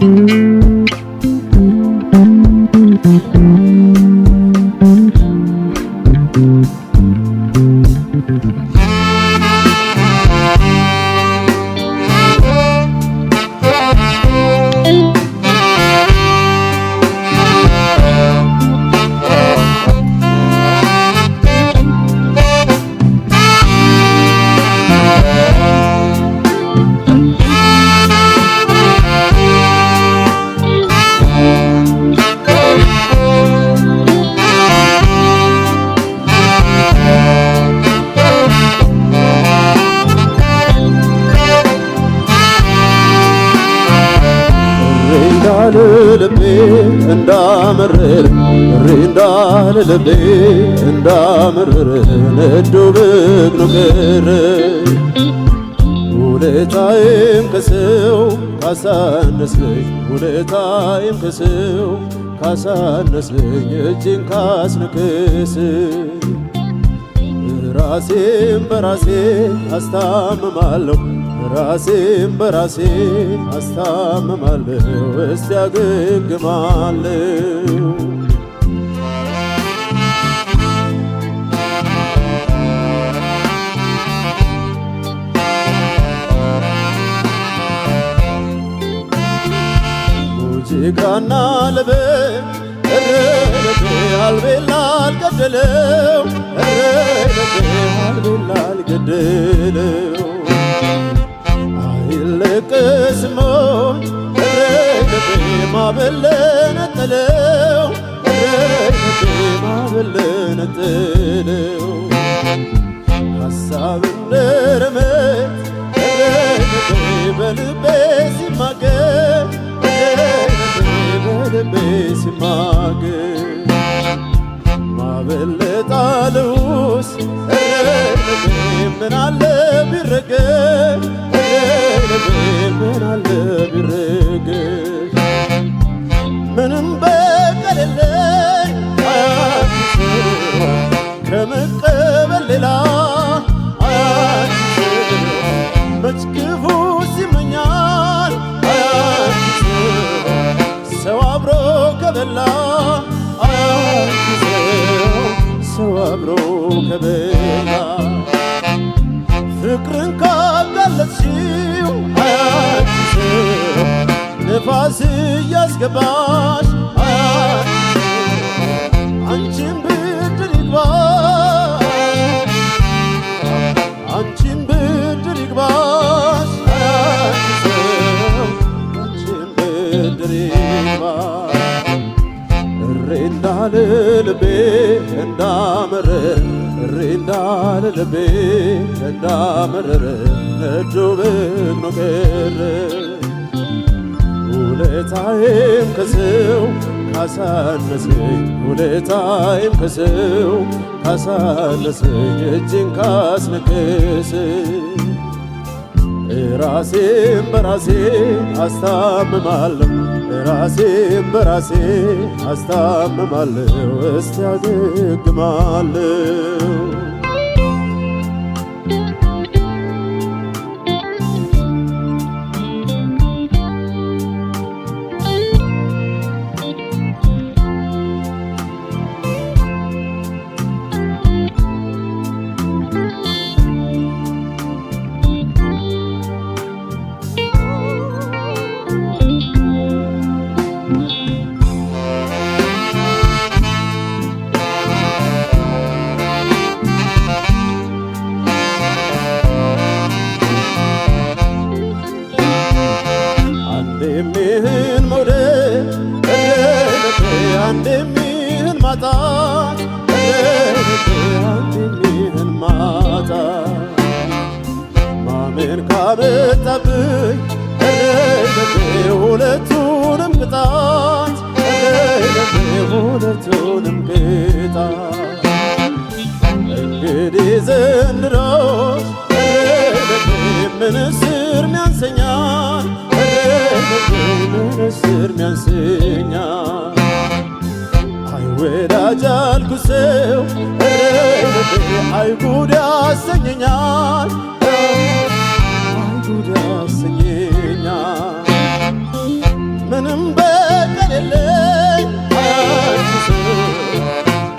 thank you እንዳለ ልቤ እንዳመረረ እሪ እንዳለ ልቤ እንዳመረረ ነዶ በግ ነው ቀረ ውለታዬም ከሰው ካሳነሰኝ ውለታዬም ከሰው እጅን ካስነከስ ራሴም በራሴ አስታምማለሁ ራሴም በራሴ አስታምማለሁ እስቲ አገግማለሁ ሙዚቃና ልብ እረደቴ አልቤላ አልገድለው እረደቴ አልቤላ ልቅስመው ረከቴ ማበል ነጠለው ረከቴ ማበል ነጠለው ሀሳብ ነርመት ረከቴ በልቤ ሲማገር በልቤ ሲማ ይግባሽ አንቺን ብድር ይግባሽ አንቺን ብድር ይግባሽ አንቺን ብድር ይግባሽ እሬ እንዳለ ልቤ እንዳመረረ እሬ እንዳለ ልቤ እንዳመረረ ነዶ ብኖ ውለታዬም ከሰው ካሳነሰኝ ውለታዬም ከሰው ካሳነሰኝ እጅን ካስነከሰ ራሴም በራሴ አስታምማለሁ ራሴም በራሴ አስታምማለሁ እስቲ ያገግማለሁ አንድ ማጣ ማጣት አንድ ሚህን ማጣት ማመን ካመጣብኝ ሁለቱንም ቅጣት ሁለቱንም ቅጣት እንግዲህ ዘንድሮስ ምን ስር ሚያንሰኛል ምን ስር ሚያንሰኛል ወዳጅ አልኩት ሰው አይ ያሰኘኛል አይ ያሰኘኛል ምንም በቀል የለኝ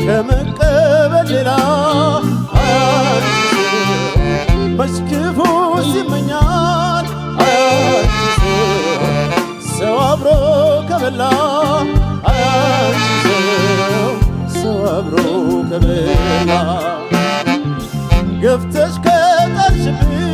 ከመቀበል ሌላ መች ክፉ ሲመኛል ሰው አብሮ ከበላ አብሮ ከብላ ገፍተሽ ከጠርሽብኝ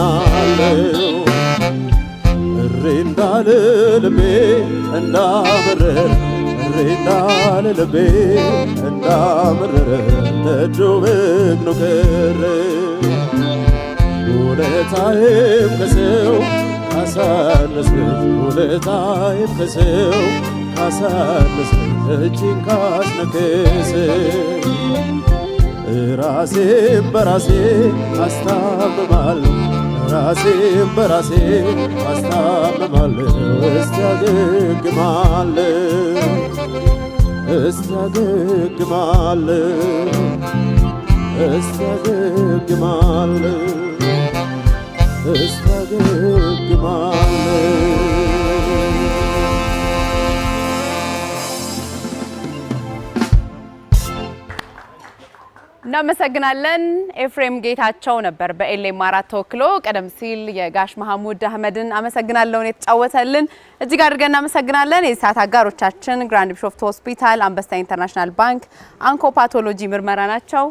አመሰግናለሁ እሬ እንዳለ ልቤ እንዳመረረ እሬ እንዳለ ልቤ እንዳመረረ ደጁ ብቅ ነው ቅር ውለታዬም ከሰው ካሳነስክት ውለታዬም ከሰው ካሳነስክት እጅን ካስነክስ ራሴም በራሴ አስታምማለሁ ራሴም በራሴ አስታምማለሁ እስታገግማለሁ እስታገግማለሁ እስታገግማለሁ እስታገግማለሁ እናመሰግናለን። ኤፍሬም ጌታቸው ነበር በኤሌም አራት ተወክሎ ቀደም ሲል የጋሽ መሐሙድ አህመድን አመሰግናለሁን የተጫወተልን እጅግ አድርገን እናመሰግናለን። የሰዓት አጋሮቻችን ግራንድ ቢሾፍት ሆስፒታል፣ አንበስታ ኢንተርናሽናል ባንክ፣ አንኮፓቶሎጂ ምርመራ ናቸው።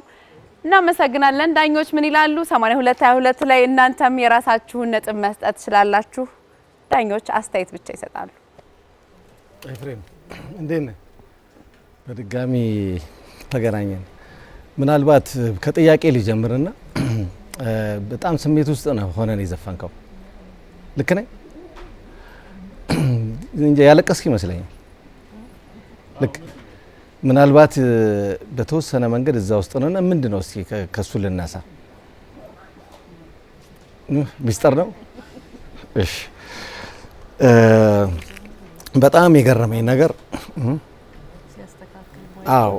እናመሰግናለን። ዳኞች ምን ይላሉ? 8222 ላይ እናንተም የራሳችሁን ነጥብ መስጠት ትችላላችሁ። ዳኞች አስተያየት ብቻ ይሰጣሉ። ኤፍሬም እንዴት ነህ? በድጋሚ ተገናኘን። ምናልባት ከጥያቄ ሊጀምርና በጣም ስሜት ውስጥ ነው ሆነን የዘፈንከው። ልክ ነኝ? ያለቀስክ ይመስለኛል። ልክ ምናልባት በተወሰነ መንገድ እዛ ውስጥ ነው እና ምንድን ነው እስኪ ከሱ ልነሳ። ሚስጥር ነው። እሺ በጣም የገረመኝ ነገር አዎ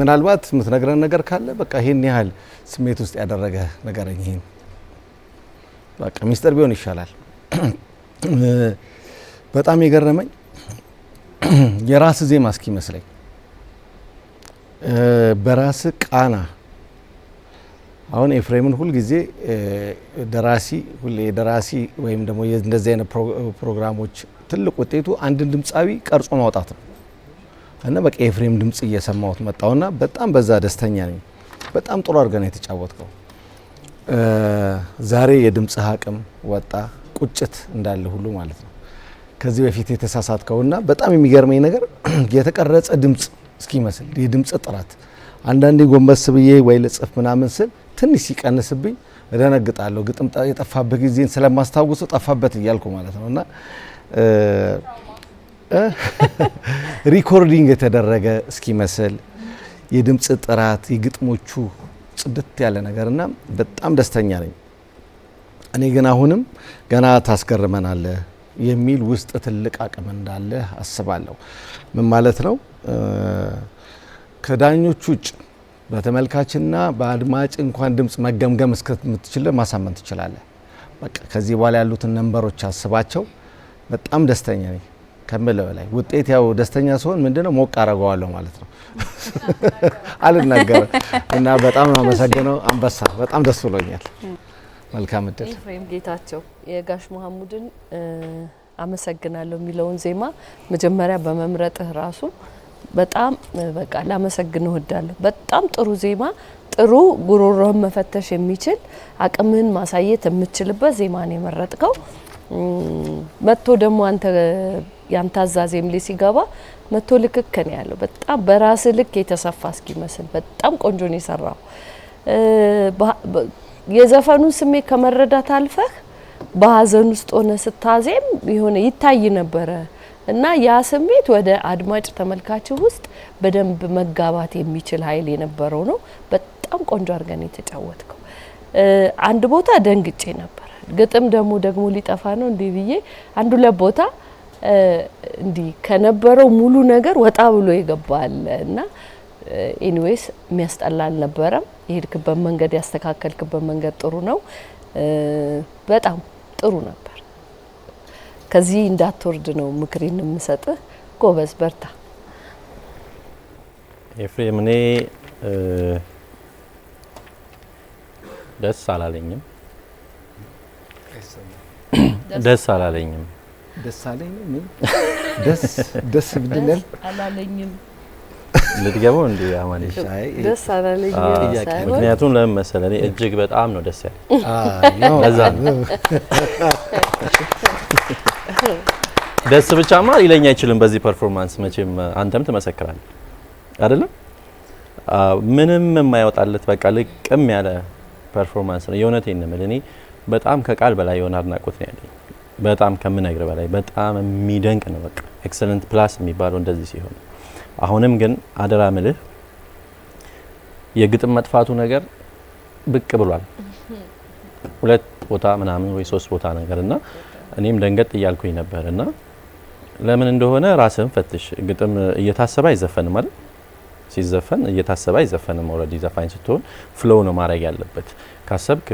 ምናልባት የምትነግረን ነገር ካለ በቃ ይህን ያህል ስሜት ውስጥ ያደረገ ንገረኝ። ይህን በቃ ሚስጥር ቢሆን ይሻላል። በጣም የገረመኝ የራስ ዜማ እስኪመስለኝ በራስ ቃና አሁን ኤፍሬምን ሁልጊዜ ደራሲ ሁሌ ደራሲ ወይም ደግሞ እንደዚህ አይነት ፕሮግራሞች ትልቅ ውጤቱ አንድን ድምፃዊ ቀርጾ ማውጣት ነው። እና በቃ ኤፍሬም ድምጽ እየሰማሁት መጣውና በጣም በዛ ደስተኛ ነኝ። በጣም ጥሩ አድርገን የተጫወትከው። ዛሬ የድምጽህ አቅም ወጣ፣ ቁጭት እንዳለ ሁሉ ማለት ነው። ከዚህ በፊት የተሳሳትከውና በጣም የሚገርመኝ ነገር የተቀረጸ ድምጽ እስኪመስል የድምጽ ጥራት አንዳንዴ ጎንበስ ብዬ ወይ ልጽፍ ምናምን ስል ትንሽ ሲቀንስብኝ እደነግጣለሁ። ግጥም የጠፋበት ጊዜን ስለማስታውሰው ጠፋበት እያልኩ ማለት ነው እና ሪኮርዲንግ የተደረገ እስኪመስል የድምፅ ጥራት የግጥሞቹ ጽድት ያለ ነገርና በጣም ደስተኛ ነኝ። እኔ ግን አሁንም ገና ታስገርመናለህ የሚል ውስጥ ትልቅ አቅም እንዳለ አስባለሁ። ምን ማለት ነው? ከዳኞች ውጭ በተመልካችና በአድማጭ እንኳን ድምፅ መገምገም እስከምትችል ማሳመን ትችላለህ። በቃ ከዚህ በኋላ ያሉትን ነንበሮች አስባቸው። በጣም ደስተኛ ነኝ። ከምለው ላይ ውጤት ያው ደስተኛ ሲሆን ምንድነው ሞቅ አረገዋለሁ ማለት ነው። አልናገርም እና በጣም ነው አመሰግነው። አንበሳ በጣም ደስ ብሎኛል። መልካም እድል። ኤፍሬም ጌታቸው የጋሽ መሀሙድን አመሰግናለሁ የሚለውን ዜማ መጀመሪያ በመምረጥህ ራሱ በጣም በቃ ላመሰግነው እወዳለሁ። በጣም ጥሩ ዜማ፣ ጥሩ ጉሮሮህን መፈተሽ የሚችል አቅምህን ማሳየት የምትችልበት ዜማ ነው የመረጥከው መጥቶ ደግሞ አንተ ያንተ አዛዜም ላይ ሲገባ መቶ ልክክ ነው ያለው። በጣም በራስ ልክ የተሰፋ እስኪመስል በጣም ቆንጆ ነው የሰራው። የዘፈኑን ስሜት ከመረዳት አልፈህ በሀዘን ውስጥ ሆነ ስታዜም የሆነ ይታይ ነበረ እና ያ ስሜት ወደ አድማጭ ተመልካች ውስጥ በደንብ መጋባት የሚችል ኃይል የነበረው ነው። በጣም ቆንጆ አድርገን የተጫወትከው። አንድ ቦታ ደንግጬ ነበር። ግጥም ደግሞ ደግሞ ሊጠፋ ነው እንዲህ ብዬ አንዱ ለቦታ እንዲህ ከነበረው ሙሉ ነገር ወጣ ብሎ ይገባል እና ኤኒዌይስ የሚያስጠላ አልነበረም። የሄድክበት መንገድ ያስተካከልክበት መንገድ ጥሩ ነው፣ በጣም ጥሩ ነበር። ከዚህ እንዳትወርድ ነው ምክሬን የምሰጥህ። ጎበዝ በርታ። ኤፍሬም፣ እኔ ደስ አላለኝም ደስ አላለኝም ደስ ደስ ደስ አላለኝም። እንዲ አላለኝ። ምክንያቱም ለምን እኔ እጅግ በጣም ነው ደስ ያለኝ። ደስ ብቻማ ሊለኝ አይችልም። በዚህ ፐርፎርማንስ መቼም አንተም ትመሰክራለህ አይደለም? ምንም የማይወጣለት በቃ ልቅም ያለ ፐርፎርማንስ ነው። የእውነቴን ነው የምልህ እኔ በጣም ከቃል በላይ የሆነ አድናቆት ነው ያለኝ። በጣም ከምነግር በላይ በጣም የሚደንቅ ነው። በቃ ኤክሰለንት ፕላስ የሚባለው እንደዚህ ሲሆን፣ አሁንም ግን አደራ ምልህ የግጥም መጥፋቱ ነገር ብቅ ብሏል። ሁለት ቦታ ምናምን ወይ ሶስት ቦታ ነገር እና እኔም ደንገጥ እያልኩኝ ነበር እና ለምን እንደሆነ ራስህን ፈትሽ። ግጥም እየታሰበ አይዘፈንም አይደል? ሲዘፈን እየታሰበ አይዘፈንም። ኦልሬዲ ዘፋኝ ስትሆን ፍሎው ነው ማድረግ ያለበት። ካሰብክ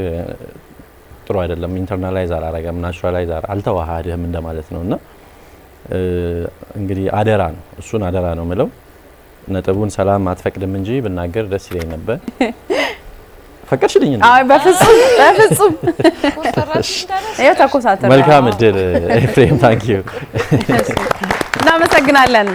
ጥሩ አይደለም። ኢንተርናላይዝ አላረገም፣ ናቹራላይዝ አልተዋሃድህም እንደማለት ነው እና እንግዲህ አደራ ነው እሱን አደራ ነው ምለው። ነጥቡን ሰላም አትፈቅድም እንጂ ብናገር ደስ ይለኝ ነበር። ፈቀድሽልኝ? በፍጹም በፍጹም። ተኮሳተ። መልካም እድል ኤፍሬም። ታንኪዩ። እናመሰግናለን።